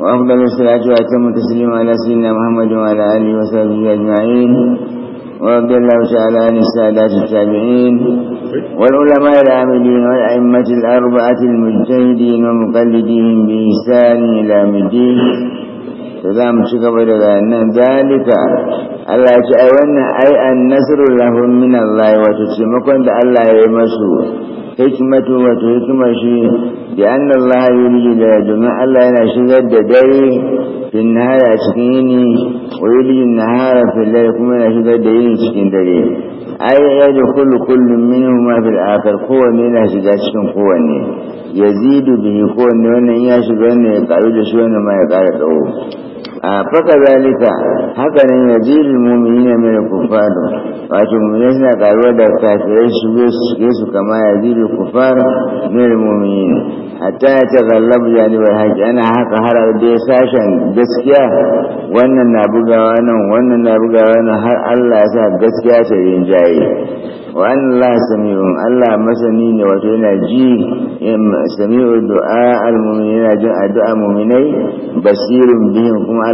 وأفضل الصلاة وأتم التسليم على سيدنا محمد وعلى آله وصحبه أجمعين ورضي الله تعالى عن السادات التابعين والعلماء العاملين والأئمة الأربعة المجتهدين ومقلدين بإحسان إلى مدين za mu ci gaba da bayanan dalika Allah ya الله ai wannan الله an nasru lahum hikmatu wato shi da Allah da domin Allah yana shigar da dare fin nahara a cikin yini wa yurji nahara fil kuma yana shigar da yini cikin dare ai ya da kullu kullum min ma fil akhir yana shiga cikin kowanne yazidu bihi kowanne wannan ya shiga ne ya karu da shi wannan ma ya kara tsawo فكذلك هكذا يجير المؤمنين من الكفار واتمنى سنا قالوا دا كافرين يسو كما يجير الكفار من المؤمنين حتى يتغلب يعني والحج انا هكا هر دي sashen gaskiya wannan na bugawa nan wannan na bugawa nan har Allah ya sa gaskiya ta rinjaye wa Allah sami'un Allah masani ne wato yana ji sami'u du'a al jin addu'a mu'minai basirun bihim kuma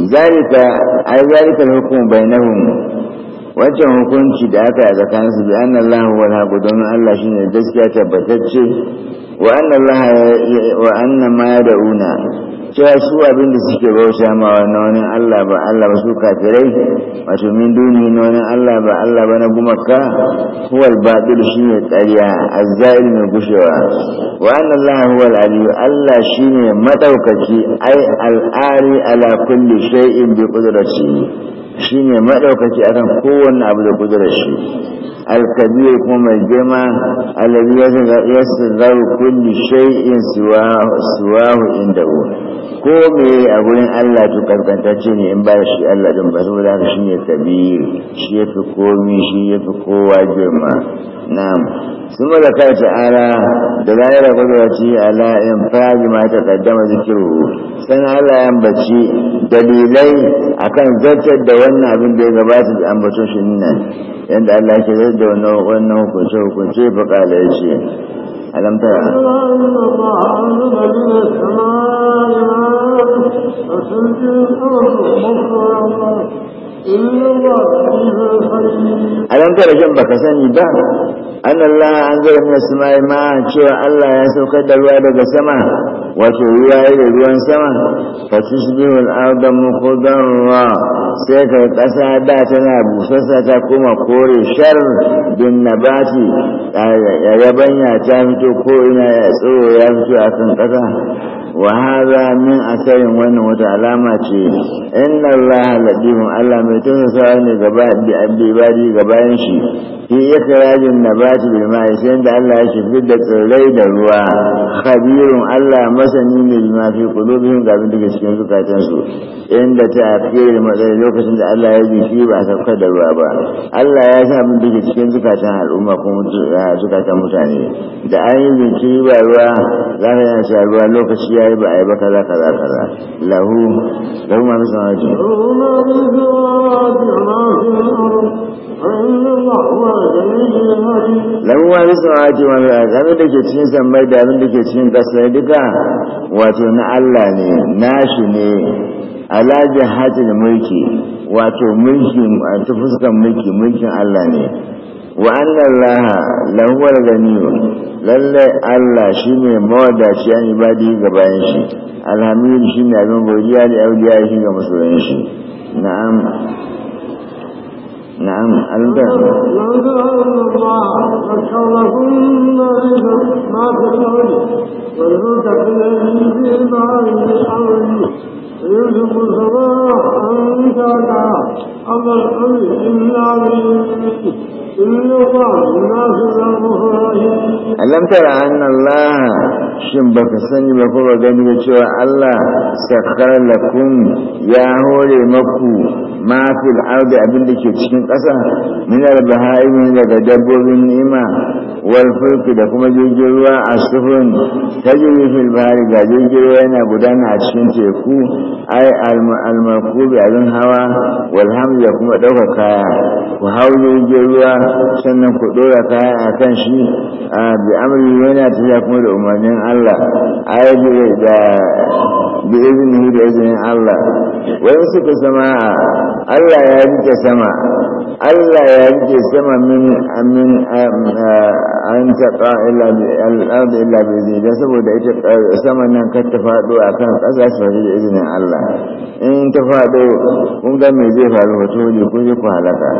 ذلك أي ذلك الحكم بينهم wacce hukunci da aka yi tsakanin su bi anna Allah wa al-haqq domin Allah shine gaskiya tabbatacce wa anna Allah wa anna ma yad'una cewa su abin da suke bauta ma na wani Allah ba Allah ba su kafirai wato min duni na wani Allah ba Allah ba na gumaka huwa al-batil shine ƙarya azzail mai gushewa wa anna Allah huwa al-aliyu Allah shine madaukaki ai al-ari ala kulli shay'in bi qudratihi shi ne maɗaukaki akan kowanne abu da kudurar shi alkabir kuma mai girma alabi ya zaru kulli shay'in suwahu inda hu ko me a gurin Allah to kaskantacce ne in ba shi Allah din ba saboda haka shi ne kabir shi ya fi komi shi ya fi kowa girma na'am sun da kai ta'ala da zahira kudurci ala in fadi ma ta kaddama zikiru sannan Allah ya ambaci dalilai akan zartar da wannan abin da ya gabata da ambaton shi nuna yadda Allah ke zai da wannan hukunce hukunce fa kala ya ce alam tara alam tara shin baka sani ba an Allah an zai min sama'i ma cewa Allah ya saukar da ruwa daga sama wato ruwa da ruwan sama fa tusbihu ko ardu ruwa. sai ka ƙasa da tana busassa ta kuma kore shar bin nabati a yabanya ta fito ko ina ya tsoro ya fito a kan ƙasa wa hadha min asarin wannan wata alama ce inna allaha ladihum allah mai tunsa ne gaba da addibari gabayan shi fi ikrajin nabati bil ma'i sai da allah ya shifi da tsirrai da ruwa khabirun allah masani ne bima fi qulubihim ga abin da cikin zukatan su inda ta akiri matsayi lokacin da allah ya ji shi ba sauka da ruwa ba allah ya sa abin da cikin zukatan al'umma kuma zukatan mutane da an yi jinkiri ruwa za ka yana ruwa lokaci ya yayi ba a yi ba kaza kaza kaza lahu lahu ma bisa ma ji lahu ma bisa ma ji ma da ke cikin sammai da abin da ke cikin ƙasa duka wato na Allah ne nashi ne ala jihatil mulki wato mulki ta fuskan mulki mulkin Allah ne wa allah lahuwar gani lalle allah shi ne mawadaci an ibadi ga bayan shi alhamdulillah shi ne abin godiya da yaudiya shi ga masoyin shi na'am na'am alba يوسف الصباح أنت أنا أما الحبيب إلا بالإنسان alamtar tara anna Allah shin baka sani ba ko ba gani ba cewa Allah sakar lakun ya hore maku ma fi al'adu abin ke cikin ƙasa min al bahaimin daga dabbobin ni'ima wal fulki da kuma jirgin ruwa a sufun tajri fil bahri ga jirgin ruwa yana gudana a cikin teku ai al makubi abin hawa wal kuma ɗaukar kaya ku hau jirgin ruwa sannan ku dora ta a kan shi a bi amri yana ta ya kuma da umarnin Allah a ai da bi izini da izinin Allah wani suka sama Allah ya rike sama Allah ya rike sama min amin an taqa illa bi al-ard illa bi izini saboda ita eh, sama nan ka ta faɗo a kan ƙasa su faɗi da izinin Allah in ta faɗo kun ga me zai faru wato ne kun ku halaka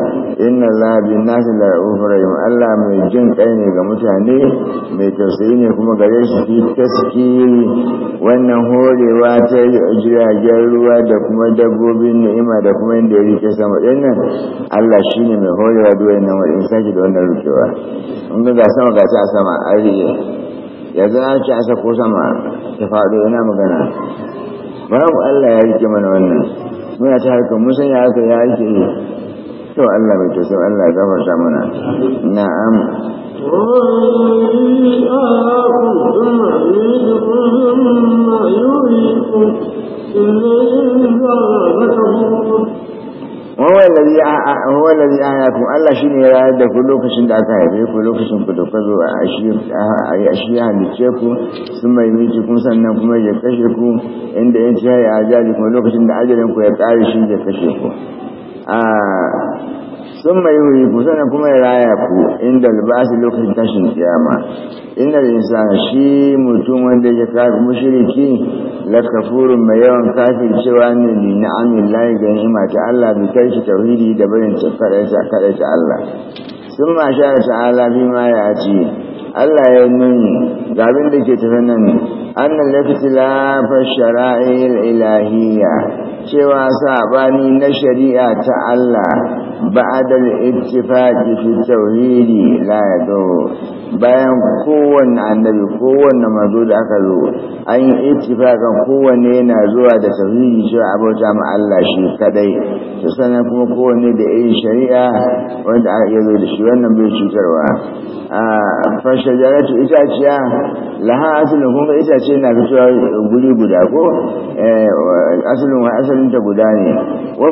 inna la bin nasi inda ra'ufur rahim Allah mai jin kai ne ga mutane mai tausayi ne kuma gare shi fi taskiri wannan horewa ta jiragen ruwa da kuma dabbobin ni'ima da kuma inda ya rike sama nan Allah shi ne mai horewa duk wannan wani saki da wannan rikewa in ga sama ga ta sama an rike yanzu an ci asa ko sama ta faɗo yana magana Ba ku Allah ya rike mana wannan muna ta harkar mun san ya haka ya rike to Allah mai tosun Allah ya gafarta mana na'am هو الذي هو الذي أحياكم الله شيء يرى دك لوكشن دك هاي كل لوكشن كده كذو أشياء أشياء هنيشكو ثم يميتكم سنكم يكشكو عند إنتهاء ya لوكشن shi ya kashe ku. sun mai yi ku sannan kuma ya raya ku inda libasi lokacin tashin kiyama inda da shi mutum wanda ya kafi mushiriki lakafurin mai yawan kafin cewa ne ne na amin layi ga ni'ima ta Allah bi kai shi tauhidi da barin ta Allah sun ma sha ta'ala bi ma ya ci Allah ya nuni ga abin da ke tafi nan annan lafitilafa shara'il ilahiyya cewa sabani na shari'a ta Allah بعد الاتفاق في التوحيد لا يدور bayan kowanne annabi kowanne mazo da aka zo an yi ittifaqan kowanne yana zuwa da tauhidi shi a bauta ma Allah shi kadai to sanan kuma kowanne da irin shari'a wanda aka iya zo da shi wannan bai cutarwa a fashajaratu itaciya laha asalin kuma itace na fitowa guri guda ko asalin ta guda ne wa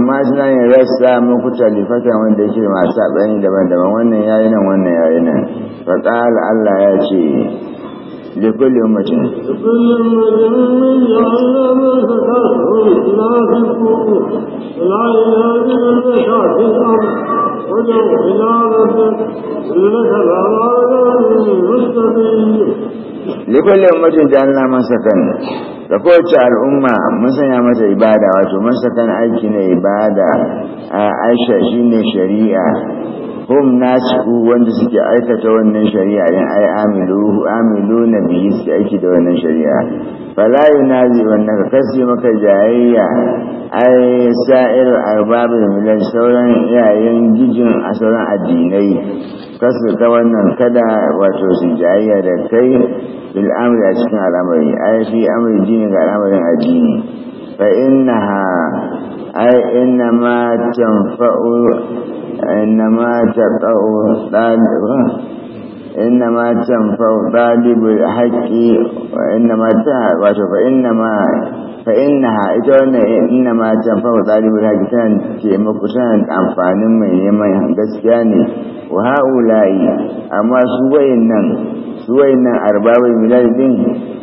amma suna yin rassa mutalifatan wanda yake masu saɓani daban-daban wannan yayi nan wannan yayi nan fa qala Allah ya ce li kulli ummatin وادعوا إلى ربك likulli ummatin ja'alna masakan da kowace al'umma mun saya mata ibada wato masakan aiki ne ibada a aisha shine shari'a hum nasu wanda suke aikata wannan shari'a din ai amiluhu na bihi suke aiki da wannan shari'a na zai wannan ka kasi maka jayayya ai sa'ir arbabul milal sauran iyayen gijin a sauran addinai kasu ta wannan kada wato su jayayya da kai bil a cikin al'amari ai fi amri jini ga al'amarin addini fa innaha ai innama tanfa'u إنما تطوع إنما تنفع طالب الحق وإنما تهب وإنما fa inna إنما wannan inna ma tanfa'u talibul haqi tana ce tana amfanin mai neman gaskiya ne wa haula'i amma su wayannan su wayannan arbabul milal din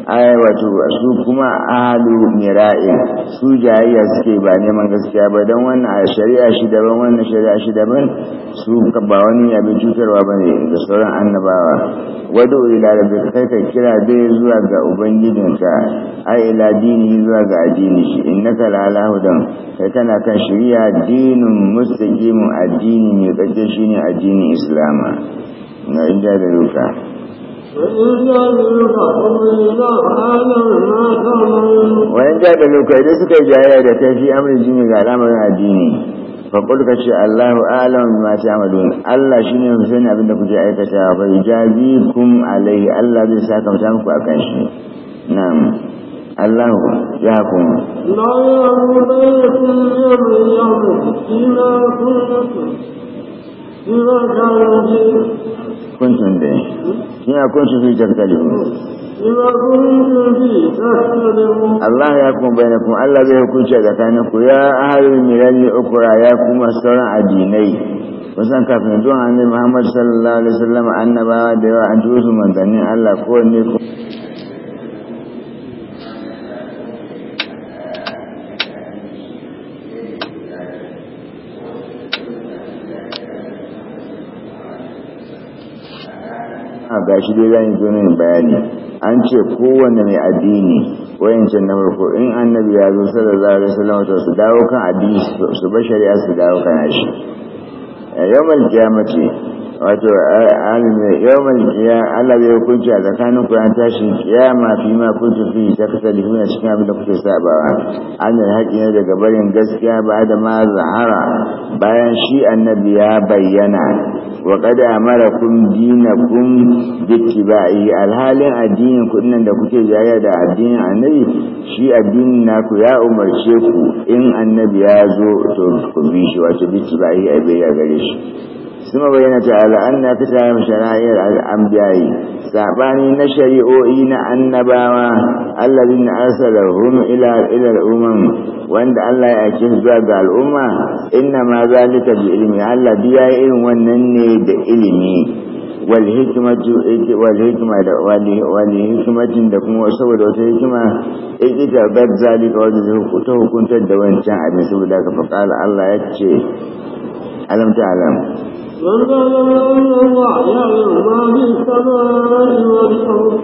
ai wato su kuma ahlu mira'in su jayayya suke ba neman gaskiya ba dan wannan a shari'a shi ban, wannan shari'a shi ban su ba wani abin cutarwa ne, da sauran annabawa wadu ila rabbika kai kira dai zuwa ga ubangijinka ai ila dini zuwa ga addini shi innaka la'ala hudan kai kana kan shari'a dinin mustaqimin addini mai kace shine addinin islama na inda da ruka wa inda da ruka idan suka yi jayayya da kai shi amri jini ga alamar addini faƙul ka ce Allahu alam ma ta amadu Allah shi ne musulun abin da kuke aikata bai jabi kum alai Allah zai saka muku akan shi na'am Allah ya kuma. La ya kun ya dai. fi Ina Allah ya kuma bainakum Allah zai hukunci a tsakaninku ya ahalul milal ukra ya kuma sauran addinai. kusan kafin zuwa annabi annabawa da yawa an Allah ko a gashi dai zan zo ne bayani an ce kowanne mai addini wayancin na farko in annabi ya zo sallallahu alaihi wasallam to su dawo kan addini su bar shari'a su dawo kan shi eh, yawmal kiyamati wato eh, alimi yawmal qiyam Allah bai hukunci a tsakanin ku an tashi kiyama fi ma kuntu fi taktalifuna cikin abin da kuke sabawa an yi haƙi daga barin gaskiya ba da ma zahara bayan shi annabi ya bayyana wa kada amara kun dina kun yi alhalin addinin ku nan da kuke jaya da addinin annabi shi addinin naku ya umarce ku in annabi ya zo to ku bi shi wato bittiba'i a bai gare shi sun bayyana ta al'anna ta ta yi shari'ar al'ambiyayi saɓani na shari'o'i na annabawa allazin na asalar hunu ilar wanda allah ya ake zuwa ga al'umma inna ma za ta bi ilimi allah biya irin wannan ne da ilimi wal hikmatu ita wal hikma da da kuma saboda wata hikima ita bad zalika wa ta hukunta da wancan abin saboda ka faqala allah yace ألم تعلم من أعلم أن الله يعلم ما في السماء والأرض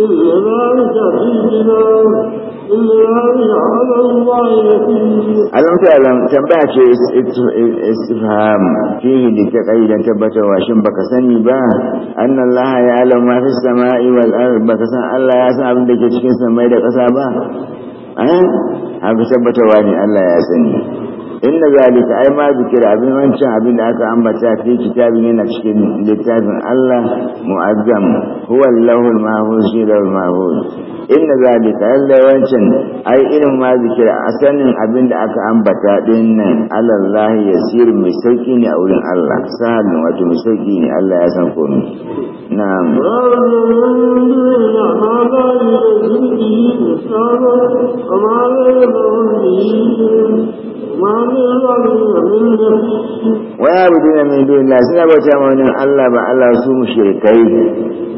إلا ما بتعليمنا Alam ta alam tambaya ce istifham fihi da ta kai dan tabbatar wa shin baka sani ba anna Allah ya alam ma samai wal ard san Allah ya san abin da ke cikin samai da kasa ba eh haka tabbatar ne Allah ya sani inna zalika ai ma zikira abin wancan abin da aka ambata fi kitabin yana cikin littafin Allah mu'azzam huwa lahul mahfuz shi lahul mahfuz inna zalika alla wancan ai irin ma zikira asanin abin da aka ambata din nan Allah yasir mai sauki ne a wurin Allah sahalin wato mai sauki ne Allah ya san komai na'am ما wa mai min dunillahi suna bauta ma wannan Allah ba Allah su mushrikai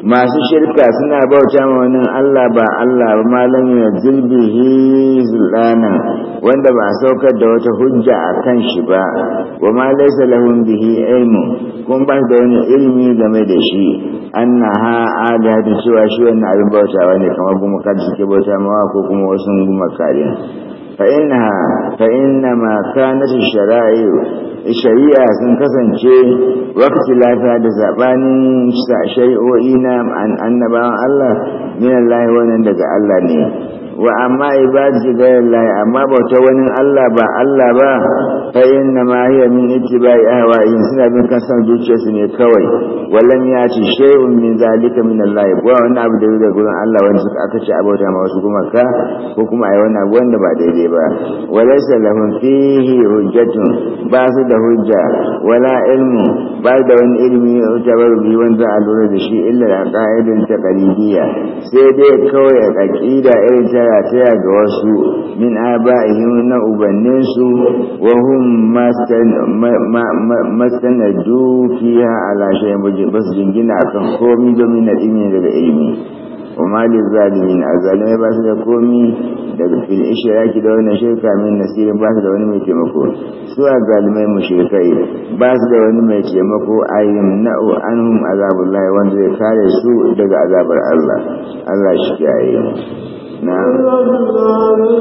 masu shirka suna bauta ma wannan Allah ba Allah ba malam ya zulbihi zulana wanda ba a saukar da wata hujja a kan shi ba wa ma laysa lahum bihi ilmu kun ba da wani ilmi game da shi annaha adatu cewa shi wannan abin bauta ne kamar gumaka da suke bauta mawa ko kuma wasu gumaka ne فإنها فإنما كانت الشرائع الشريعة سنكسن شيء وقت لا فاد زبان شيء وإنام عن أن الله من الله ونندق الله نيه wa amma ibadatu Allah amma bauta wani Allah ba Allah ba fa inna ma hiya min ittiba'i ahwa'i sina bin kasan su ne kawai wallan ya ci shay'un min zalika min Allah ba wani abu da daga gurin Allah wanda suka aka ce abauta ma wasu kuma ka ko kuma ai wani abu wanda ba daidai ba walaysa lahum fihi hujjatun ba su da hujja wala ilmu ba da wani ilmi ya tabaru bi wanda a lura da shi illa da ka'idun taqlidiyya sai dai kawai aqida irin ta rataya ga wasu min aba'ihim na ubanninsu wa hum mastanadu fiha ala shay'in ba su jingina kan komai domin na daga ilimi wa malin zalimin a ba su da komi daga fil ishiraki da wannan shirka min nasirin ba su da wani mai taimako su a zalimai shirkai ba su da wani mai taimako ayyun na'u anhum azabullahi wanda zai kare su daga azabar Allah Allah shi kiyaye نعم الذي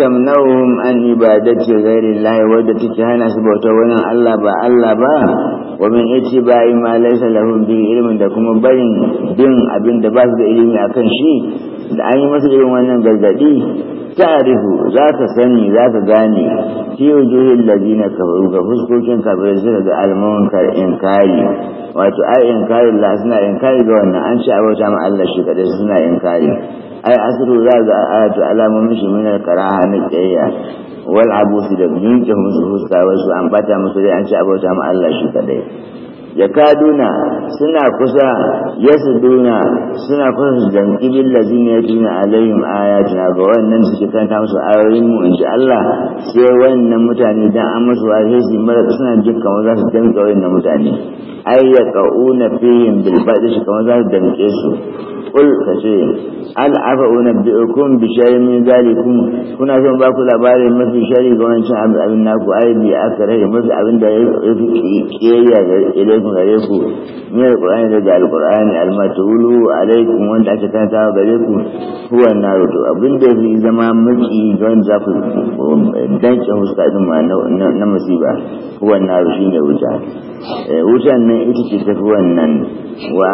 tamnawum an ibadati ghairi Allah wadda take hana su bauta wannan Allah ba Allah ba wa min ittiba'i ma laysa lahum bi ilmin da kuma barin bin abin da ba su da ilimi akan shi da an yi masa irin wannan gargadi ta'rifu za ka sani za ka gane fi wujuhil ladina kafaru ga fuskokin kafirai suka ga almunkar inkari wato ai inkari la suna inkari ga wannan an ci abota ma Allah shi kadai suna inkari ay asiru za ga ayatu alamomin shi min alkaraha na kiyayya wal abusi da yanke musu fuska wasu an bata musu dai an ci abota ma Allah shi kadai ya kaduna suna kusa ya suduna suna kusa su zanki billazi ne yake na alayhim ayatina ga wannan suke kanta musu ayoyin mu insha Allah sai wannan mutane dan an musu wahayi su mara suna jin kamar za su danka wannan mutane ai ya kauna fiyin bil shi kamar za su danke su kul kace al afa unabbiukum bi shay'in min zalikum kuna son ba ku labarin mafi shari ga wancan abin naku ai bi akare mafi abin da ya fi kiyayya ga ilai alaikum gare ku min alqur'ani daga alqur'ani almatulu alaikum wanda aka karanta gare ku huwan naru to abin da yake zama maki don za ku danke huska din ma na musiba huwan naru shine wuta eh, wutan nan ita ce tafi wannan wa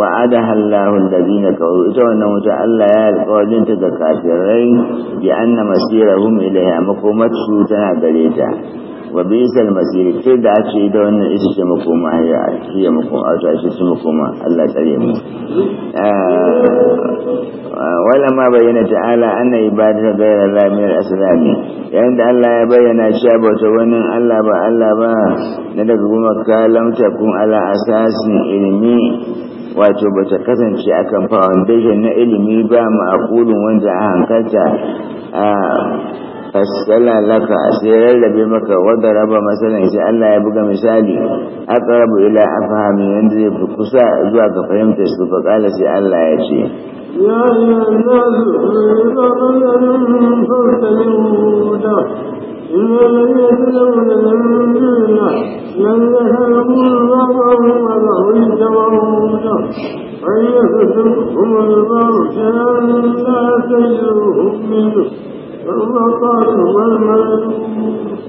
wa'ada Allahu alladhina kafaru ita wannan wuta Allah ya alƙawarin ta ga kafirai bi anna masirahum ilayha makomatu tana gare ta wa bisal masiri ce da a da wannan ita ce makoma ya ce makoma a ta ce makoma Allah tsare mu ah, ah, wala ma bayyana ta'ala anna ibadatu ghayra Allah min al-asnam yayin da Allah ya bayyana cewa bauta wannan Allah ba Allah ba na daga kuma kalamta kun ala asasin ilmi wato ba ta kasance akan foundation na ilimi ba ma'akulun wanda a hankalta ah, fassala laka sai lallabe maka wadda raba masana shi Allah ya buga misali rabu ila afhami yadda zai fi kusa zuwa ga fahimtar su fa kala sai Allah ya ce ya ayyuhan أن يفتنهم البرج أن لا تجرهم منه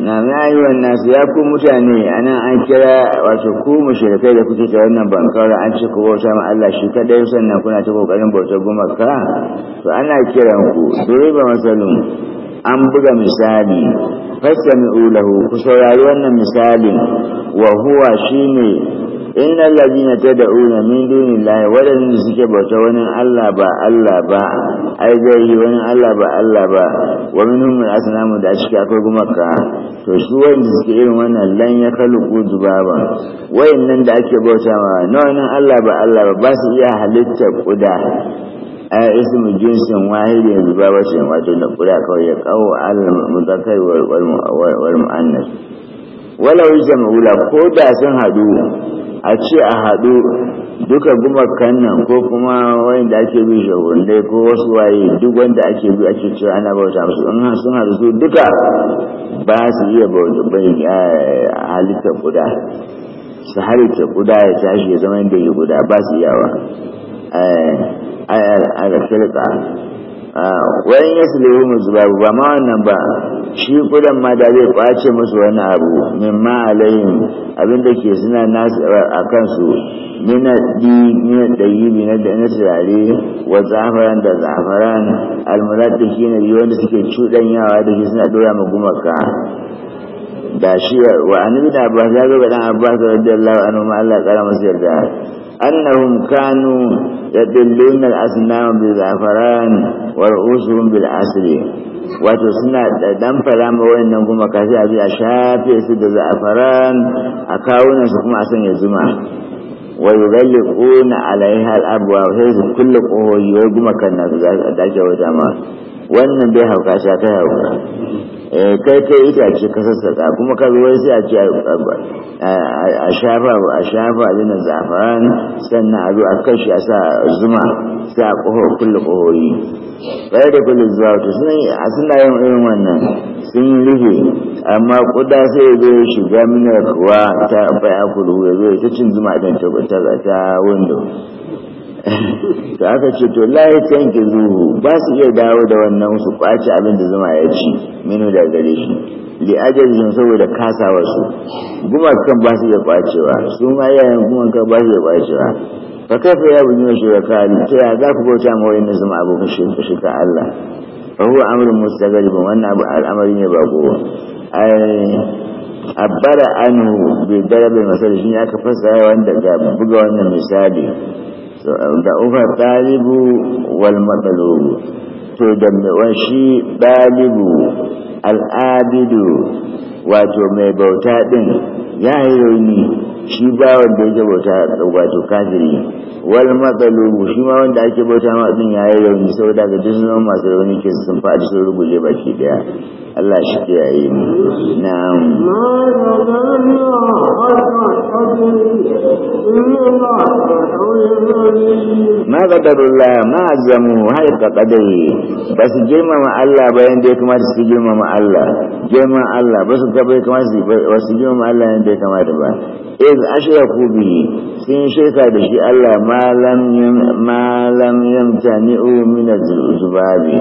na ya wannan su ya ku mutane a nan an kira wato ku mushrikai da kuke ta wannan bankar an ce ku bauta ma Allah shi kadai sannan kuna ta kokarin bautar gumaka to ana kiran ku dole ba masalun an buga misali fasami ulahu ku saurari wannan misalin wa huwa shine inna allazina tad'una min dunillahi wadanda suke bauta wani Allah ba Allah ba ai dai wani Allah ba Allah ba wa minhum asnamu da shi akwai gumaka to shi wanda suke irin wannan lan ya kaluku dubaba wayannan da ake bautawa na wani Allah ba Allah ba ba su iya halitta kuda a mu jinsin wahidi yanzu ba shi wato da kuda kawai ya kawo al-muzakkar wal mu'annas walau jama'ula ko da sun hadu a ce a haɗu duka gumakan nan ko kuma wanda ake bi shagundai ko wasu waye duk wanda ake bi ake cewa ana bauta musu in suna da su duka ba su iya bauta bai halitta guda su halitta guda ya tashi ya zama yadda ya guda ba su iyawa a ƙirƙa wani ya su lewu musu ba ba ma wannan ba shi kudan ma da zai kwace musu wani abu min ma abin abinda ke suna nasu a kansu nina di mina dayi na da na turare wa zafaran da zafaran almurad da shi ne wanda suke cuɗanyawa da shi suna ɗora ma gumaka da shi wa annabi da abbas ya ga dan abbas radiyallahu anhu ma Allah ya kara masa yarda أنهم كانوا يدلون الأصنام بالزعفران ورؤوسهم بالعسل وتصنع دم فلام وإنهم كثيرا في بأشافي سد الزعفران أكاونا سكما أسن يزمع ويغلقون عليها الأبواب كل قهوة يوجمك النفذات ذلك وجمال wannan bai hauka shi ta hauka eh, kai kai ita ce ka sassaka kuma ka zo sai a ce a shafa a shafa bin zafaran sannan a zo a kashi a sa zuma sai a kofa kullu kohori bayan da kullu zuwa suna yi a suna yin irin wannan sun yi rufe amma kuda sai zo ya shiga minar kuwa ta bai akulu ya zo ya ta cin zuma don ta ta windo to aka ce to la ya zuhu ba su iya dawo da wannan su kwace abin da zama ya ci minu da gare shi li ajalin saboda kasawar su gumakan ba su iya kwacewa su ma yayin gumakan ba su iya kwacewa fa kafa ya bunyo shi da kari ta ya za ku bauta ma wayin zama abokan ka Allah fa huwa amrun ba wannan abu al'amari ne ba kowa abbara anu bi darabil masal shi aka fasa wanda ga buga wannan misali da ufa ɗalibu wal matsalobu to jami'an shi ɗalibu al'adidu wato mai bauta ɗin ya yi rauni shi ba wanda yake bauta wato kafiri wal matsalobu shi ma wanda ake bauta ma ɗin ya yi rauni da ga duk sunan masu rauni ke sun faɗi sun ruguje baki ɗaya Allah shi ke yayi mu na'am ma ma qadarullah ma azamu haika qadari ba su ma Allah ba yanda ya kamata su ma Allah girman Allah ba su gaba kamar su ba su girmama Allah yanda ya kamata ba iz ashraku bi sun shirka da shi Allah ma lam ta ni'o lam zuba bi.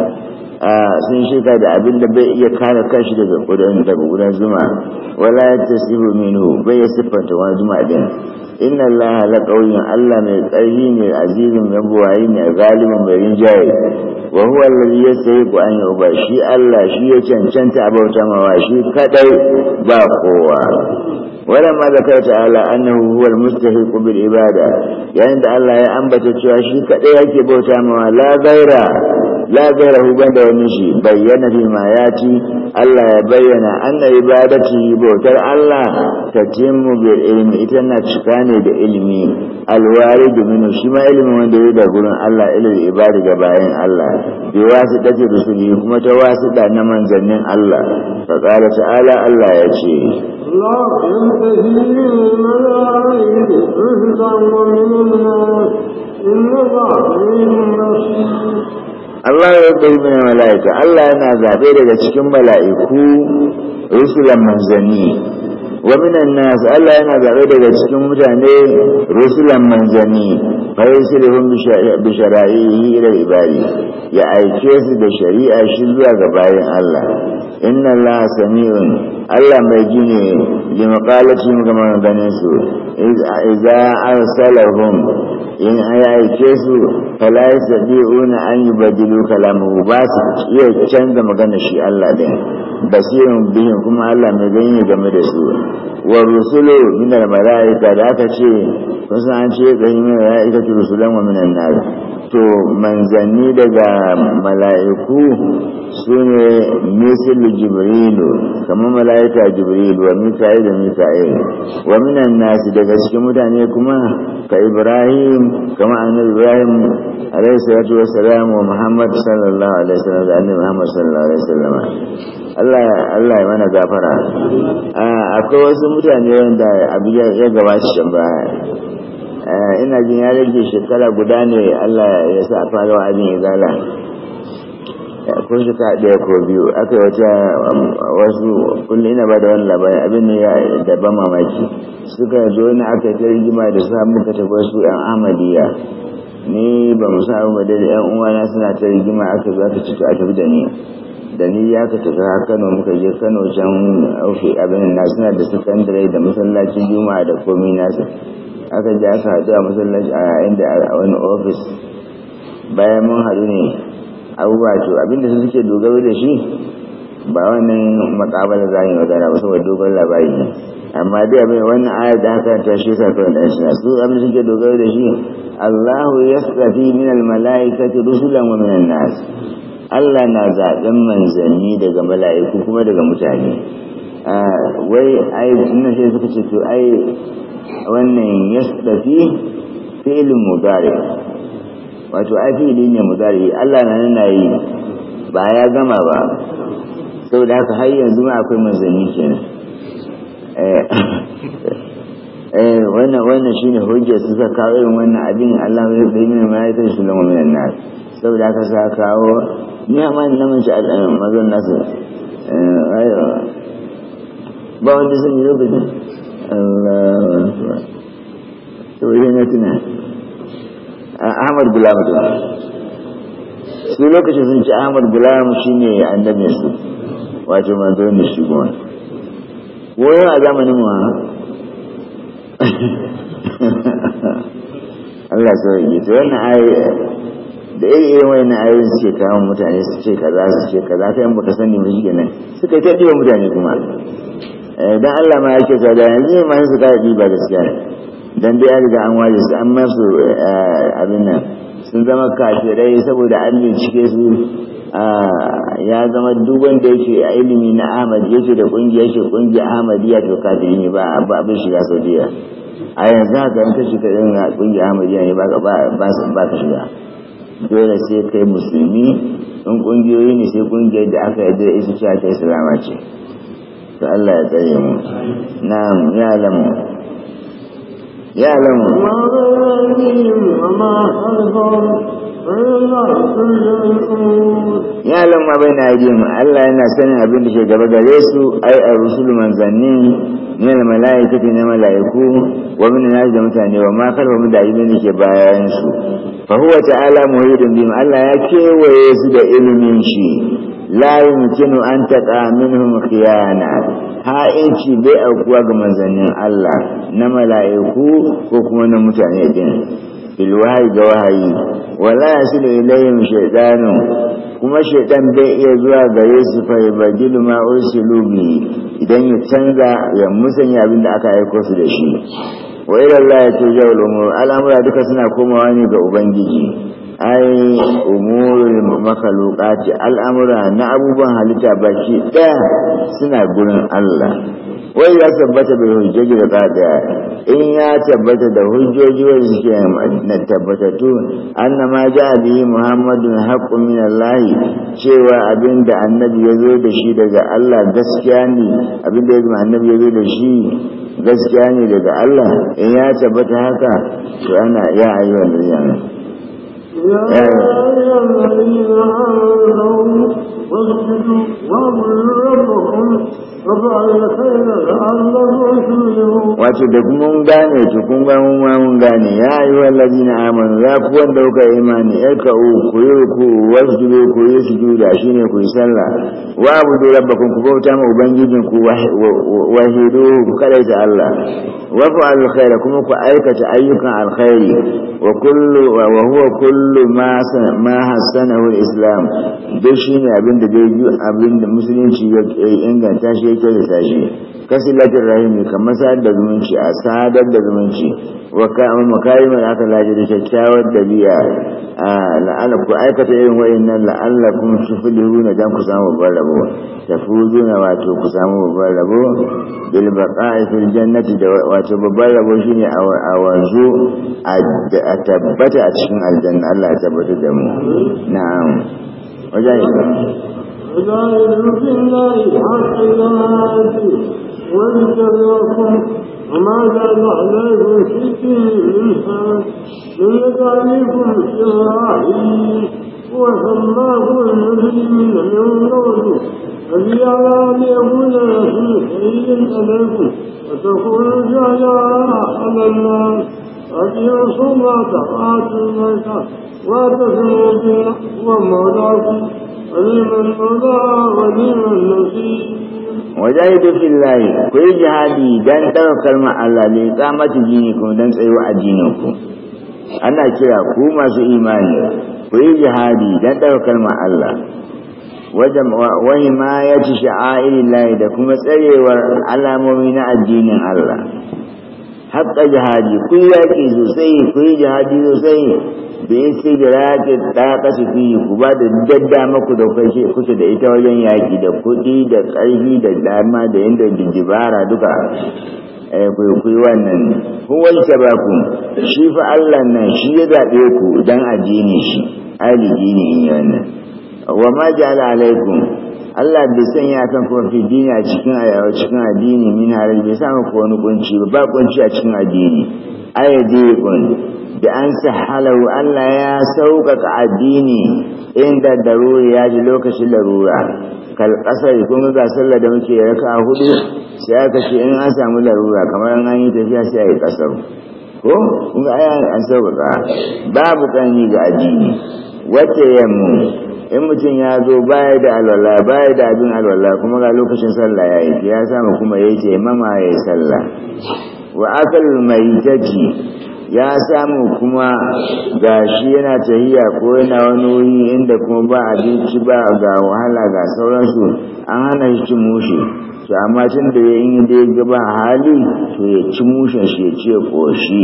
sun shirka da abin da bai iya kare kanshi daga ƙudan daga ƙudan zuma wala ya tasiru minu, bai ya siffanta wani zuma din inna allaha la qawiyun allah mai tsayi ne azizun mai yi ne galibin mai rinjaye wa huwa allazi ku an yuba shi allah shi ya cancanta a bauta mawa shi kadai ba kowa wala ma da kai ta'ala annahu huwa almustahiq bil ibada yayin da allah ya ambata cewa shi kadai yake bauta mawa la ghaira la gairahu da wani shi bayyana fi ya ci. Allah ya bayyana An anna ibadati bautar Allah ta timmu bil ilmi ita na cika ne da ilimi alwari domin shi ma ilimi wanda ya da gurin Allah ilil ibadi ga bayan Allah bi wasu dace rusuli kuma ta wasu da na manzannin Allah fa qala ta'ala Allah ya ce لا ينتهي من الملائكة رشدا ومن الناس إن الله عليم نصير Allah ya bai mai mala'ika Allah yana zaɓe daga cikin mala'iku rusulan manzanni wa minan nas Allah yana zaɓe daga cikin mutane rusulan manzanni fa da bi shara'ihi ila ya aike su da shari'a shi zuwa ga bayan Allah inna Allah sami'un Allah mai ji ne bi maqalatin ga maganganun su idza arsalahum in ya aike su fala yasabi'una an yubadilu kalamu ba su iya canza magana shi Allah din basirin bihin kuma Allah mai gani game da su wa rusulu min al malaika da aka ce kun san an ce da yin malaika tu rusulan wa min an to manzanni daga malaiku sune misil jibril kamar malaika jibril wa mika'il da mika'il wa min an daga cikin mutane kuma ka ibrahim kamar annabi ibrahim alayhi salatu wassalam wa muhammad sallallahu alaihi wasallam da annabi muhammad sallallahu alaihi wasallam Allah Allah ya mana gafara ah, akwai wasu mutane wanda abu ya gabata can baya eh, ina jin ya rage shekara guda ne Allah ya sa fara wa abin ya eh, kun shi ta ɗaya ko biyu aka wata um, wasu kullum ina ba da wani labarin abin ne ya daban mamaki suka zo na aka ta rigima da samun muka tafi wasu yan amadiya ni ba mu ba da yan na suna ta rigima aka zo aka a tafi da ni da ni ya ka tafi har kano muka je kano can ofi abin na suna da sakandare da masallacin juma'a da komi nasu aka ji aka haɗu a masallaci a yayin da a wani ofis bayan mun haɗu ne abubuwa to abinda su suke dogaro da shi ba wannan makabala za a yi magana ba saboda dogon labari amma dai abin wannan ayar da aka ta shi sa kawai ɗan shina su abin suke dogaro da shi Allahu ya min al-mala'ikati rusulan wa min nas Allah na zaɓen manzanni daga mala'iku kuma daga mutane ah, wai ai ina sai suka ce to ai wannan yasdafi fi'ilin mudari wato ai fi'ili ne mudari Allah na nuna yi ba ya gama ba saboda haka har yanzu ma akwai manzanni eh, eh, wannan wannan shine hujjar su suka kawo irin wannan abin Allah ya bayyana mai kai su lamu minan nar saboda haka sa kawo na ma namiji a mazan nasu eh, ba wanda sun yi lokacin to idan ne tuna ahmad gulam to su lokacin sun ci ahmad gulam shine annabin su Wace mazo ne shi goma wani a zamanin mu Allah sauye to wannan ayi da iri irin wani na ayoyin suke kawo mutane su ce kaza su ce kaza kai mu ta sani mu shige nan suka ta ɗiwa mutane kuma eh, dan Allah ma yake sa da yanzu ma su ka ɗiba gaskiya dan dai an riga an waje su an masu eh, abin nan sun zama kafirai saboda an cike su ah, ya zama duk wanda yake a ilimi na Ahmad yake da kungiyar shi kungiyar Ahmadiyya to kafiri ne ba abin shiga Saudiya a yanzu haka shi ka yin irin kungiyar Ahmadiyya ne ba ba ka shiga dole sai kai musulmi in kungiyoyi ne sai kungiyar da aka yadda isa cewa ta islama ce to Allah ya tsare mu na ya lamu ya lamu ya lamma bai na yi Allah yana sanin abin da ke gaba gare su ai a rusul manzanni ne na mala'ika na mala'iku wa min nas da mutane wa ma kalma mu da abin da ke bayan su fa huwa ta'ala muhidun bi Allah ya kewaye su da ilimin shi la yumkinu an taqa minhum khiyana ha'inci bai kuwa ga manzannin Allah na mala'iku ko kuma na mutane din bilwahi ga wahayi wala ya su da ilayin shaidanu kuma shaidan bai iya zuwa gare su fahimbajilu ma'ur silubi idan ya canza ya musanya abin da aka aiko su da shi wa ilallah ya ce jawul al'amura duka suna komawa ne ga ubangiji ai umurin makalukaci al'amura na abubuwan halitta baki ɗaya suna gurin Allah wai ya tabbata bai hujjoji da tsada in ya tabbata da hujjoji wani suke na tabbatattu anna ma ja bihi muhammadun haqqun min Allah cewa abinda annabi ya zo da shi daga Allah gaskiya ne abinda ya annabi ya zo da shi gaskiya ne daga Allah in ya tabbata haka to ana ya ayyuhan يا أيها الذين آمنوا واغفروا واغفرهم wato da kuma mun gane to kun ga mun ma mun gane ya ayi na amanu ya ku wanda kuka imani ka u ku yi ku wasjudu ku yi shi ne ku yi sallah wa da rabbakum ku bauta ma ubangijin ku wahidu ku kada ta Allah wa ku alkhair kuma ku aikata ayyukan alkhairi wa kullu wa huwa kullu ma ma hasanahu alislam duk shine abin abin da bai abin da musulunci ya inganta shi ya kyautata shi kasilatin rahimi kamar sadar da zumunci a sadar da zumunci wa makarimar aka laji da kyakkyawar dabi'a a la'ala ku aikata irin wa'annan la'alla kun sufulihu na dan ku samu babban rabo ta fuzu na wato ku samu babban rabo bil baqa'i fil jannati da wato babban rabo shine a wanzu a tabbata a cikin aljanna Allah ya tabbata da mu na'am وجاهد وجاهد في الله حق جهاده وابتغاكم وما جعل عليكم في منها من يدعيكم شرائي وسماكم المسلمين من قوله فبي على ان يكون رسول خير عليكم وتكونوا شهداء على الناس واتلوا da تقاتل المشهد واعتصموا بالله هو مولاكم ونعم المولى ونعم النصير wajahidu fillahi ku yi jihadi don dan ɗaukar Allah ne tsamata jini kuma don tsayuwa addinin ku ana kira ku masu imani ku yi jihadi dan ɗaukar Allah wani ma ya ci layi da kuma tsarewar alamomi na addinin Allah haƙa jihadi kun yaƙi sosai kun yi jihadi sosai da ya ce da raƙi ta ƙasa fiye ku ba da dadda maku da kuke da ita wajen yaƙi da kuɗi da ƙarfi da dama da yadda jijibara duka eh, kwaikwai wannan huwal ku. shi fa Allah nan shi ya zaɓe ku dan addini shi aliji ne in yi wannan wa ma ja'ala alaikum Allah bai sanya kan kuma fi dini a cikin ayawa cikin addini min harar bai sa ko wani kunci ba ba kunci a cikin addini aya kun da an sahalau Allah ya sauƙaƙa addini inda daruri ya ji lokacin larura kal kasar kun ga sallar da muke raka hudu sai aka ce in an samu larura kamar an yi tafiya sai a yi kasar ko kun ga aya an sauƙaƙa babu yi ga addini wata yammu in mutum ya zo baya da alwala baya da abin alwala kuma ga lokacin sallah ya yi ya samu kuma ya ce mama ya yi sallah wa akal mai taki ya samu kuma gashi yana tahiya ko yana wani wuri inda kuma ba abinci ba ga wahala ga sauransu an hana shi cin mushe to amma tun da ya yi da ya gaba hali to ya ci mushe shi ya ce shi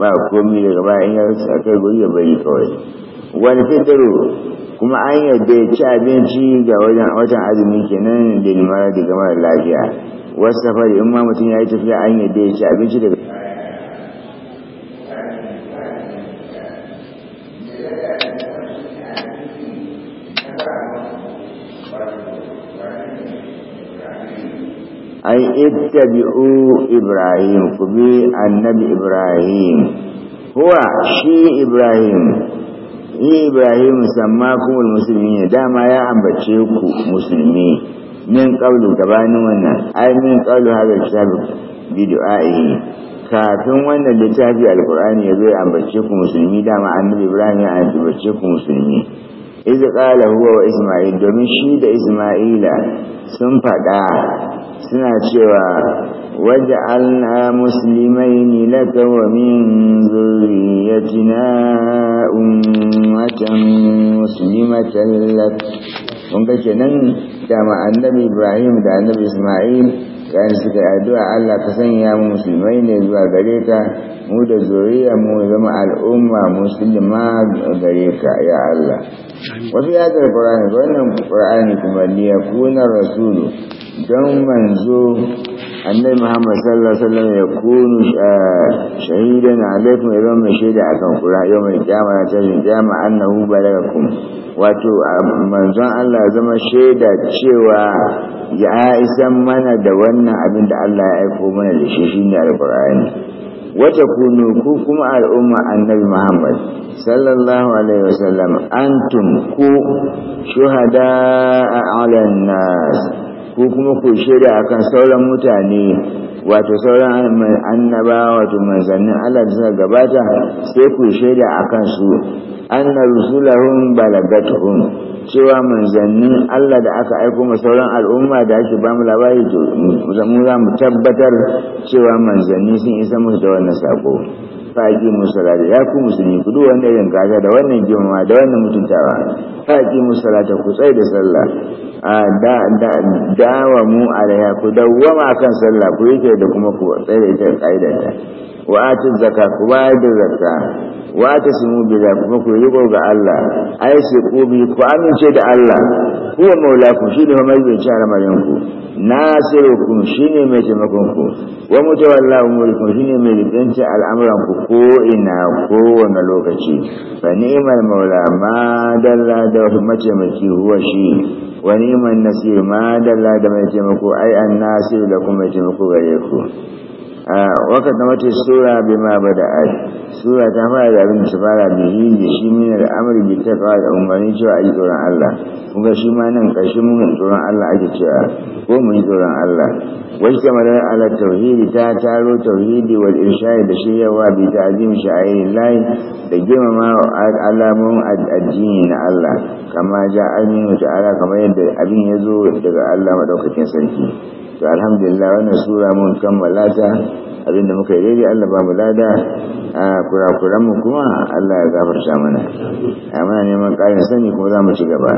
ba komi daga baya in ya kai guri ya bari kawai wani fitiru kuma an yadda ya ci abinci ga watan azumi kenan da limara da gama da lafiya wasu safari in ma mutum ya yi tafiya an yadda ya ci abinci daga ai ittabi'u ibrahim ku bi annabi ibrahim huwa shi ibrahim ibrahim sammakumul musulmi ne dama ya ambace ku musulmi min kaulu gabanin wannan ai min qawlu hadha kitab bid'a'i kafin wannan littafi alqur'ani ya zo ya ambace ku musulmi dama annabi ibrahim ya ambace ku musulmi idza qala huwa wa isma'il domin shi da isma'ila sun faɗa suna cewa واجعلنا مسلمين لك ومن ذريتنا أمة مسلمة لك ومكنن كما أن نبي إبراهيم دا نبي إسماعيل كان سكي أدعى الله كسن يا مسلمين زوا غريكا مودة زورية مودة مع الأمة مسلمة غريكا يا الله وفي هذا القرآن قلنا القرآن كما ليكون الرسول don manzo annai muhammad sallallahu alaihi wasallam ya kunu shahidan alaikum idan mai shaida akan kura yau mai kiyama na tashin kiyama annahu balagakum wato manzon Allah zama shaida cewa ya isan mana da wannan abin da Allah ya aiko mana da shi ne alqur'ani wata kunu ku kuma al'umma annabi Muhammad sallallahu alaihi wasallam antum ku shuhada ala nas ko kuma ku shirya akan sauran mutane wato sauran annaba wato manzannin Allah da suka gabata sai ku shirya akan su anna rusulahum balagatuhum cewa manzannin Allah da aka aiko ma sauran al'umma da ake ba mu labari to mu za mu tabbatar cewa manzanni sun isa musu da wannan sako faki musalata ya ku musulmi ku duk wanda irin kaga da wannan girma da wannan mutuntawa faki musalata ku tsaye da sallah a da da dawa mu alaiha ku dawwama kan sallah ku yake da kuma ku tsaye da ita ka'idata. wata zaka ku bayar da zaka wata su mu bila kuma ku yi ga Allah ai su ku bi ku amince da Allah ku maula ku shi ne mai bin cara mayan ku nasiru ku shi ne mai taimakon ku wa mutawalla umuri ku shi ne mai rikanci al'amuran ku ko ina ko wani lokaci fa ni'mal maula ma dalla da wata mataimaki huwa shi wa ni'mal nasiru ma dalla da mai taimako ai annasiru da kuma taimako gare ku wakata mace sura bi ma bada ai sura ta fara da abin da su fara yi shi al'amari bi ta kawo da umarni cewa a yi tsoron Allah kuma shi ma nan ƙarshen mun tsoron Allah ake cewa ko mu yi tsoron Allah wai ta madara ala tauhidi ta taro tauhidi wal irshadi da shiryawa bi ta azim sha'irin layi da girmama alamun addini na Allah kama ja aminu ta'ala kamar yadda abin ya zo daga Allah madaukakin sarki to alhamdulillah wannan sura mun kammala ta da muka yi daidai Allah ba mu lada a kurakuranmu kuma Allah ya gafarta mana muna neman ƙarin sani ko za mu ci gaba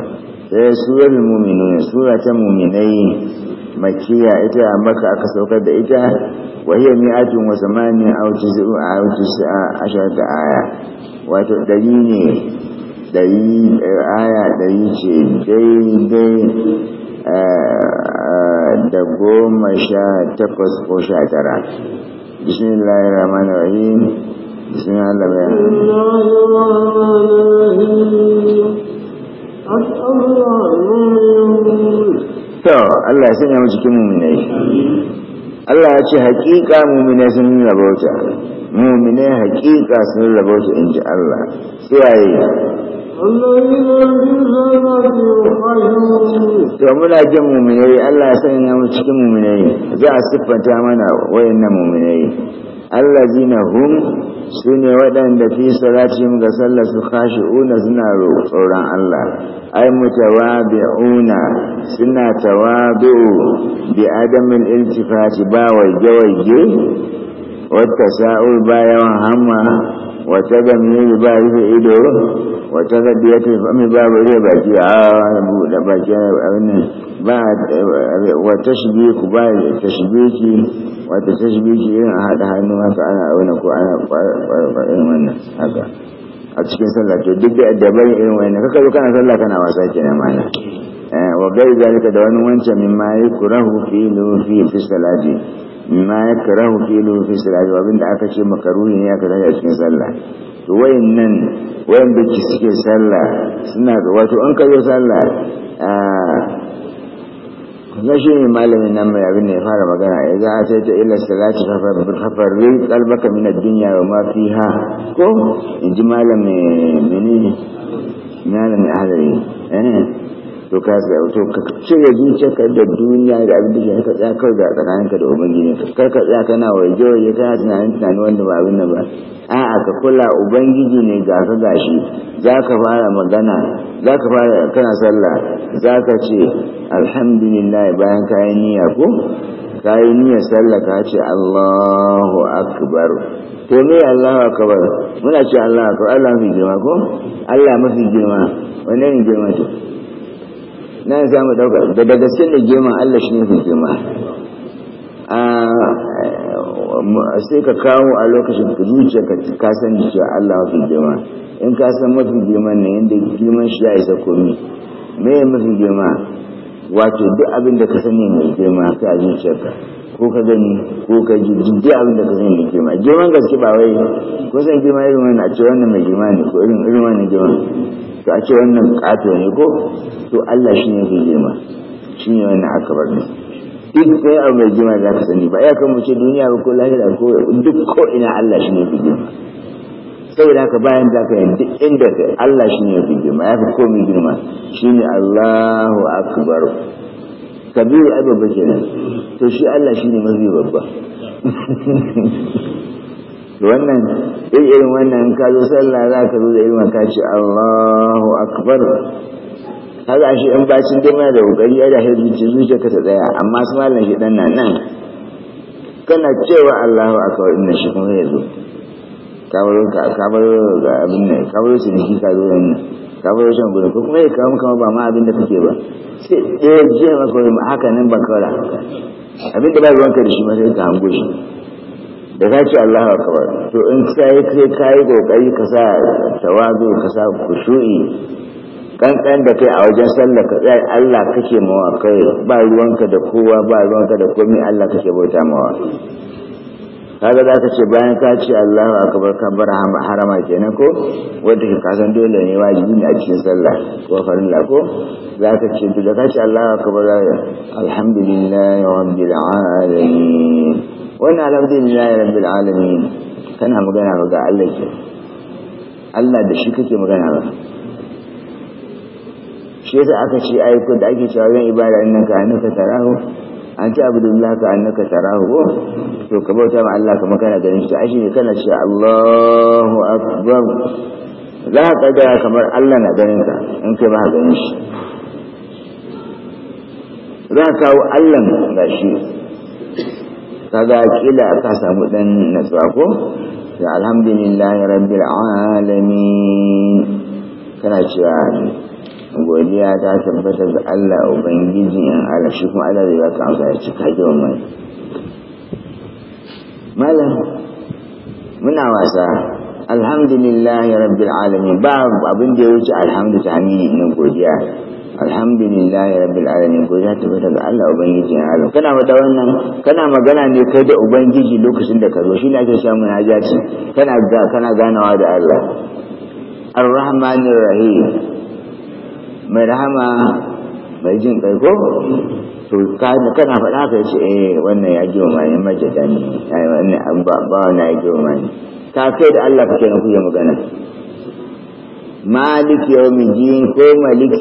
sai eh, surar muminu sura ta muminai makiya ita a maka aka saukar da ita wa hiya mi'atun wa samani aw tis'u aw tis'a ashar da aya wato dari ne dari aya dari ce daidai eh, da goma sha takwas ko sha tara bismillahir rahmanir rahim بسم الله الرحمن الرحيم أسأل الله to Allah ya sanya cikin muminai Allah ya ce hakika muminai sun rabauta muminai hakika sun rabauta in ji Allah sai to muna jin muminai Allah ya sanya cikin muminai za a siffanta mana wayannan muminai allazina hum sune waɗanda fi salatihim ga sallar su khashi'una suna tsoron Allah ai mutawabi'una suna tawabi'u bi adamin iltifati ba waje waje wata sa'ul ba yawan hamma wata me ba rufe ido wata ga biya ta fami ba rufe baki a da baki abin nan ba wata shige ku ba ta shige ki wata ta shige ki irin haɗa hannu haka ana wani ko ana irin wannan haka a cikin sallah to duk da dabar irin wannan kaka zo kana sallah kana wasa na mana wa gai zalika da wani wancan min ma yakurahu fi fi salati ma ya karahu filu fi salati abin da aka ce makaruhi ne aka dace a cikin sallah to nan wayan da suke sallah suna ga wato an kazo sallah na shi ne malamin nan mai abin da ya fara magana ya za a sai ta ila salati hafarri kalbaka min ad-dunya wa ma fiha ko in ji malamin menene malamin eh to ka ga to ka cire ka da duniya da abin da ke haka tsaya kawai ga da ubangiji ka kar ka tsaya kana waje ya kana tunanin tunanin wanda ba abin nan ba a'a ka kula ubangiji ne ga ka gashi za ka fara magana za ka fara kana sallah za ka ce alhamdulillah bayan ka yi niyya ko ka yi niyyar sallah ka ce allahu akbar to me allahu akbar muna ce allahu akbar allah mafi girma ko allah mafi girma wani ne girma to na za mu dauka da daga gaske da gema Allah shi ne gema sai ka kawo a lokacin ka zuciya ka ka san cewa Allah mafi gema in ka san mafi gema ne yadda geman shi ya isa komi me mafi gema wato duk abin da ka sani mai gema ka zuciyarka ko ka gani ko ka ji duk abin da ka sani da girma girman gaske ba wai ko san girma irin wannan a ce wannan mai girma ne ko irin irin wannan girma to a ce wannan kato ne ko to Allah shi ne ke girma shi ne wannan akabar ne duk sai abu mai girma za ka sani ba ya kan ce duniya ba ko lahira ko duk ko ina Allah shi ne ke girma saboda haka bayan da ka yi inda Allah shi ne ke girma ya fi komai girma shi ne Allahu akbar kabiru abin bakin kenan to shi Allah shi ne mafi babba wannan irin wannan ka zo sallah za ka zo da irin ka ce Allahu akbar kaga shi in bacin dai mana da kokari ya da hirji zuciya ka ta tsaya amma su malam shi dan nan kana cewa Allahu akbar inna shi kuma yazo kamar kamar abin ne kamar su ne ka zo nan ka bai shan gudu ko kuma ya kawo maka ba ma abin da kake ba sai ɗaya jiya maka wani haka nan ba kawai haka abin da ba ruwanka da shi ma sai ka hango shi da ka ce Allah wa akbar to in sai kai kai kokari ka sa tawazu ka sa khushu'i kankan da kai a wajen sallah ka tsaya Allah kake mawa kai ba ruwanka da kowa ba ruwanka da komai Allah kake bauta mawa kaga za ka ce bayan ka ce Allahu akbar kan bar harama kenan ko wanda ka kasan dole ne wajibi ne a cikin sallah ko farilla ko za ka ce to da ka ce Allahu akbar alhamdulillahi rabbil alamin wannan alhamdulillahi rabbil alamin kana magana ga Allah ke Allah da shi kake magana ba shi yasa aka ce ko da ake cewa zan ibada annaka annaka tarahu an ce abdullahi ka annaka tarahu to ka bauta ma Allah kamar kana ganin shi ai ne kana cewa Allahu akbar za ka ga kamar Allah na ganin ka in kai ba ka ganin shi za ka kawo Allah ga shi ka ga kila ka samu dan natsuwa ko da alhamdulillah rabbil alamin kana cewa godiya ta tabbatar da Allah ubangiji an Allah shi kuma Allah zai baka amsa ya cika ji wannan malam muna wasa alhamdulillah ya rabbil alamin ba abin da ya wuce alhamdulillah ta na godiya alhamdulillah ya rabbil alamin godiya ta daga Allah ubangiji ya alam kana mata wannan kana magana ne kai da ubangiji lokacin da ka zo shine ake samu najati kana ga kana ganawa da Allah arrahmanir rahim mai rahama mai jin kai ko to kai mu kana faɗa ka ce eh wannan ya girma ne majida ne ai wannan an ba ba wannan ya girma ne ta sai da Allah kake na kuya magana maliki yawmi din ko malik